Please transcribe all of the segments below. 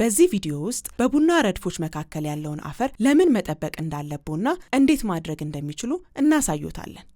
በዚህ ቪዲዮ ውስጥ በቡና ረድፎች መካከል ያለውን አፈር ለምን መጠበቅ እንዳለብዎና እንዴት ማድረግ እንደሚችሉ እናሳዩታለን።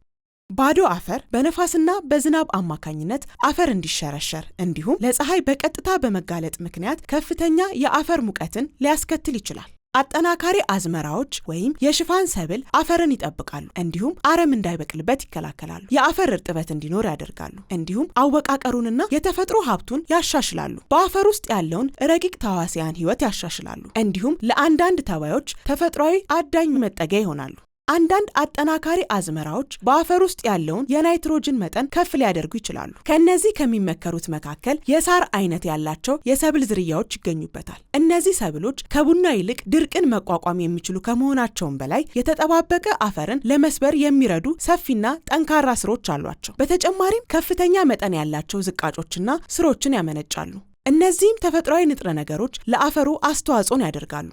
ባዶ አፈር በነፋስና በዝናብ አማካኝነት አፈር እንዲሸረሸር እንዲሁም ለፀሐይ በቀጥታ በመጋለጥ ምክንያት ከፍተኛ የአፈር ሙቀትን ሊያስከትል ይችላል። አጠናካሪ አዝመራዎች ወይም የሽፋን ሰብል አፈርን ይጠብቃሉ፣ እንዲሁም አረም እንዳይበቅልበት ይከላከላሉ። የአፈር እርጥበት እንዲኖር ያደርጋሉ፣ እንዲሁም አወቃቀሩንና የተፈጥሮ ሀብቱን ያሻሽላሉ። በአፈር ውስጥ ያለውን ረቂቅ ተዋሲያን ህይወት ያሻሽላሉ፣ እንዲሁም ለአንዳንድ ተባዮች ተፈጥሯዊ አዳኝ መጠጊያ ይሆናሉ። አንዳንድ አጠናካሪ አዝመራዎች በአፈር ውስጥ ያለውን የናይትሮጅን መጠን ከፍ ሊያደርጉ ይችላሉ። ከእነዚህ ከሚመከሩት መካከል የሳር አይነት ያላቸው የሰብል ዝርያዎች ይገኙበታል። እነዚህ ሰብሎች ከቡና ይልቅ ድርቅን መቋቋም የሚችሉ ከመሆናቸውም በላይ የተጠባበቀ አፈርን ለመስበር የሚረዱ ሰፊና ጠንካራ ስሮች አሏቸው። በተጨማሪም ከፍተኛ መጠን ያላቸው ዝቃጮችና ስሮችን ያመነጫሉ። እነዚህም ተፈጥሯዊ ንጥረ ነገሮች ለአፈሩ አስተዋጽኦን ያደርጋሉ።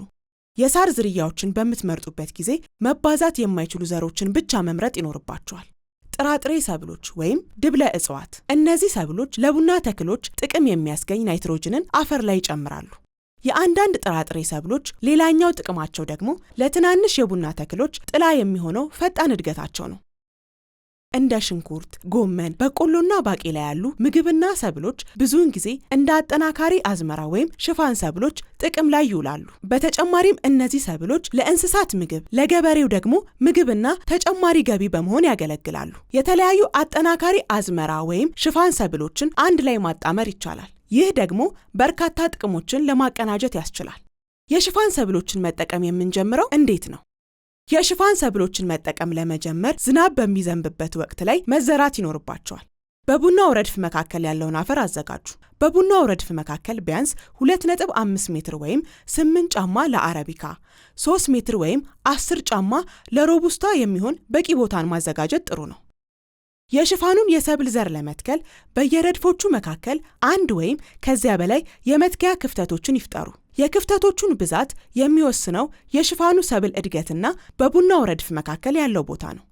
የሳር ዝርያዎችን በምትመርጡበት ጊዜ መባዛት የማይችሉ ዘሮችን ብቻ መምረጥ ይኖርባቸዋል። ጥራጥሬ ሰብሎች ወይም ድብለ እጽዋት። እነዚህ ሰብሎች ለቡና ተክሎች ጥቅም የሚያስገኝ ናይትሮጅንን አፈር ላይ ይጨምራሉ። የአንዳንድ ጥራጥሬ ሰብሎች ሌላኛው ጥቅማቸው ደግሞ ለትናንሽ የቡና ተክሎች ጥላ የሚሆነው ፈጣን እድገታቸው ነው። እንደ ሽንኩርት፣ ጎመን፣ በቆሎና ባቄላ ያሉ ምግብና ሰብሎች ብዙውን ጊዜ እንደ አጠናካሪ አዝመራ ወይም ሽፋን ሰብሎች ጥቅም ላይ ይውላሉ። በተጨማሪም እነዚህ ሰብሎች ለእንስሳት ምግብ፣ ለገበሬው ደግሞ ምግብና ተጨማሪ ገቢ በመሆን ያገለግላሉ። የተለያዩ አጠናካሪ አዝመራ ወይም ሽፋን ሰብሎችን አንድ ላይ ማጣመር ይቻላል። ይህ ደግሞ በርካታ ጥቅሞችን ለማቀናጀት ያስችላል። የሽፋን ሰብሎችን መጠቀም የምንጀምረው እንዴት ነው? የሽፋን ሰብሎችን መጠቀም ለመጀመር ዝናብ በሚዘንብበት ወቅት ላይ መዘራት ይኖርባቸዋል። በቡናው ረድፍ መካከል ያለውን አፈር አዘጋጁ። በቡናው ረድፍ መካከል ቢያንስ 2.5 ሜትር ወይም 8 ጫማ ለአረቢካ፣ 3 ሜትር ወይም 10 ጫማ ለሮቡስታ የሚሆን በቂ ቦታን ማዘጋጀት ጥሩ ነው። የሽፋኑን የሰብል ዘር ለመትከል በየረድፎቹ መካከል አንድ ወይም ከዚያ በላይ የመትከያ ክፍተቶችን ይፍጠሩ። የክፍተቶቹን ብዛት የሚወስነው የሽፋኑ ሰብል እድገትና በቡናው ረድፍ መካከል ያለው ቦታ ነው።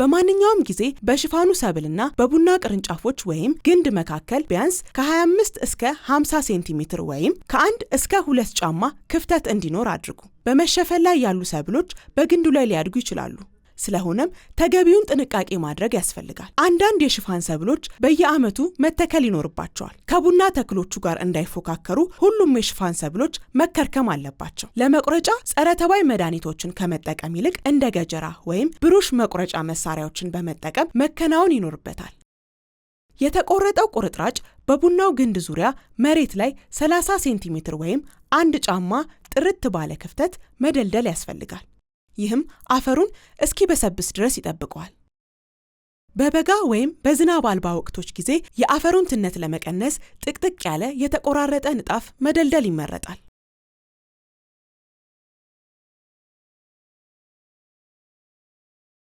በማንኛውም ጊዜ በሽፋኑ ሰብልና በቡና ቅርንጫፎች ወይም ግንድ መካከል ቢያንስ ከ25 እስከ 50 ሴንቲሜትር ወይም ከአንድ እስከ ሁለት ጫማ ክፍተት እንዲኖር አድርጉ። በመሸፈን ላይ ያሉ ሰብሎች በግንዱ ላይ ሊያድጉ ይችላሉ። ስለሆነም ተገቢውን ጥንቃቄ ማድረግ ያስፈልጋል። አንዳንድ የሽፋን ሰብሎች በየዓመቱ መተከል ይኖርባቸዋል። ከቡና ተክሎቹ ጋር እንዳይፎካከሩ ሁሉም የሽፋን ሰብሎች መከርከም አለባቸው። ለመቁረጫ ጸረ ተባይ መድኃኒቶችን ከመጠቀም ይልቅ እንደ ገጀራ ወይም ብሩሽ መቁረጫ መሳሪያዎችን በመጠቀም መከናወን ይኖርበታል። የተቆረጠው ቁርጥራጭ በቡናው ግንድ ዙሪያ መሬት ላይ 30 ሴንቲሜትር ወይም አንድ ጫማ ጥርት ባለ ክፍተት መደልደል ያስፈልጋል። ይህም አፈሩን እስኪበሰብስ ድረስ ይጠብቀዋል። በበጋ ወይም በዝናብ አልባ ወቅቶች ጊዜ የአፈሩን ትነት ለመቀነስ ጥቅጥቅ ያለ የተቆራረጠ ንጣፍ መደልደል ይመረጣል።